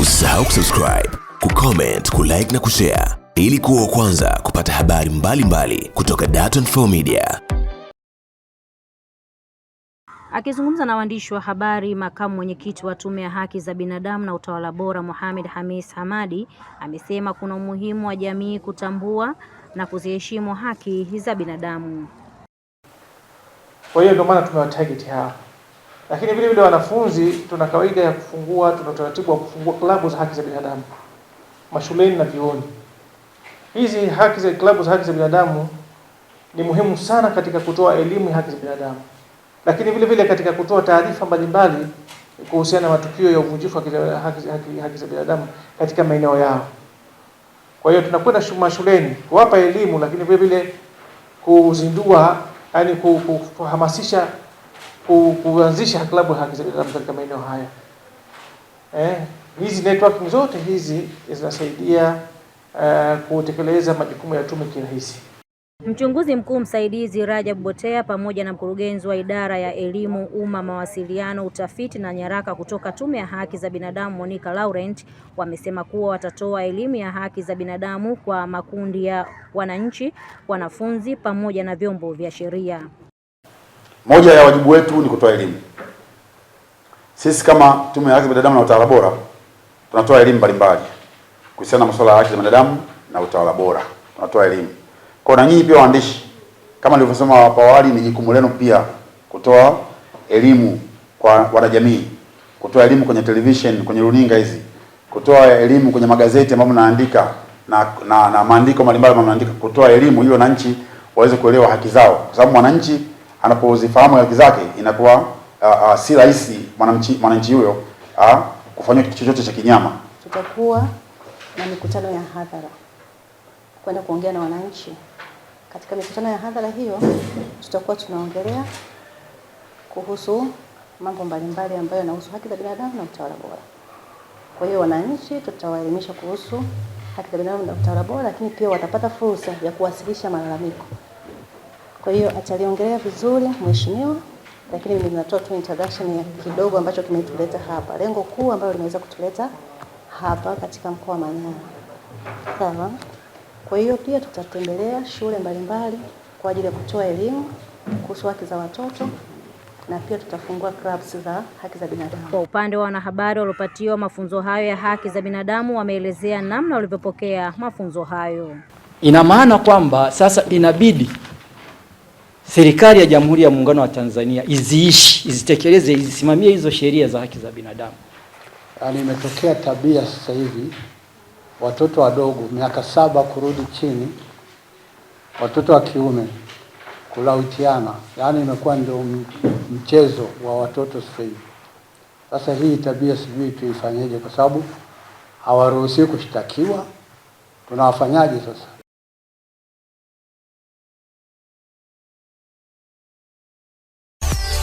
Usisahau kusubscribe, kucomment, kulike na kushare ili kuwa kwanza kupata habari mbalimbali mbali kutoka Dar24 Media. Akizungumza na waandishi wa habari, makamu mwenyekiti wa Tume ya Haki za Binadamu na Utawala Bora, Mohamed Hamis Hamadi, amesema kuna umuhimu wa jamii kutambua na kuziheshimu haki za binadamu. Kwa hiyo ndio maana target hapa lakini vile vile wanafunzi, tuna kawaida ya kufungua, tuna utaratibu wa kufungua klabu za haki za binadamu mashuleni na vioni. Hizi haki za klabu za haki za binadamu ni muhimu sana katika kutoa elimu ya haki za binadamu, lakini vile vile katika kutoa taarifa mbalimbali kuhusiana na matukio ya uvunjifu wa haki, haki, haki za binadamu katika maeneo yao. Kwa hiyo tunakwenda mashuleni kuwapa elimu, lakini vile vile kuzindua, yani kuhamasisha kuanzisha klabu ya haki za binadamu katika maeneo haya. Eh, hizi network zote hizi zinasaidia uh, kutekeleza majukumu ya tume kirahisi. Mchunguzi mkuu msaidizi Rajab Botea pamoja na mkurugenzi wa idara ya elimu umma, mawasiliano, utafiti na nyaraka kutoka Tume ya Haki za Binadamu Monica Laurent wamesema kuwa watatoa elimu ya haki za binadamu kwa makundi ya wananchi, wanafunzi pamoja na vyombo vya sheria. Moja ya wajibu wetu ni kutoa elimu. Sisi kama Tume ya Haki za Binadamu na Utawala Bora tunatoa elimu mbalimbali kuhusiana na masuala ya haki za binadamu na utawala bora, tunatoa elimu kwa na nyinyi pia waandishi, kama nilivyosema hapo awali, ni jukumu lenu pia kutoa elimu kwa wanajamii, kutoa elimu kwenye television, kwenye runinga hizi, kutoa elimu kwenye magazeti ambayo mnaandika na, na, na maandiko mbalimbali mnaandika, kutoa elimu ili wananchi waweze kuelewa haki zao, kwa sababu mwananchi anapozifahamu haki zake inakuwa uh, uh, si rahisi mwananchi huyo uh, kufanywa kitu chochote cha kinyama. Tutakuwa na mikutano ya hadhara kwenda kuongea na wananchi. Katika mikutano ya hadhara hiyo tutakuwa tunaongelea kuhusu mambo mbalimbali ambayo yanahusu haki za binadamu na utawala bora. Kwa hiyo wananchi tutawaelimisha kuhusu haki za binadamu na utawala bora, lakini pia watapata fursa ya kuwasilisha malalamiko. Kwa hiyo ataliongelea vizuri mheshimiwa, lakini natoa tu introduction ya kidogo ambacho kimetuleta hapa, lengo kuu ambalo limeweza kutuleta hapa katika mkoa wa Manyara. Sawa. Kwa hiyo pia tutatembelea shule mbalimbali kwa ajili ya kutoa elimu kuhusu haki za watoto na pia tutafungua clubs za haki za binadamu. Kwa upande wa wanahabari waliopatiwa mafunzo hayo ya haki za binadamu, wameelezea namna walivyopokea mafunzo hayo. Ina maana kwamba sasa inabidi serikali ya Jamhuri ya Muungano wa Tanzania iziishi, izitekeleze, izisimamie hizo sheria za haki za binadamu. Yaani imetokea tabia sasa hivi watoto wadogo miaka saba kurudi chini, watoto wa kiume kulautiana yaani imekuwa ndio mchezo wa watoto sasa hivi. Sasa hii tabia sijui tuifanyeje, kwa sababu hawaruhusiwi kushtakiwa, tunawafanyaje sasa?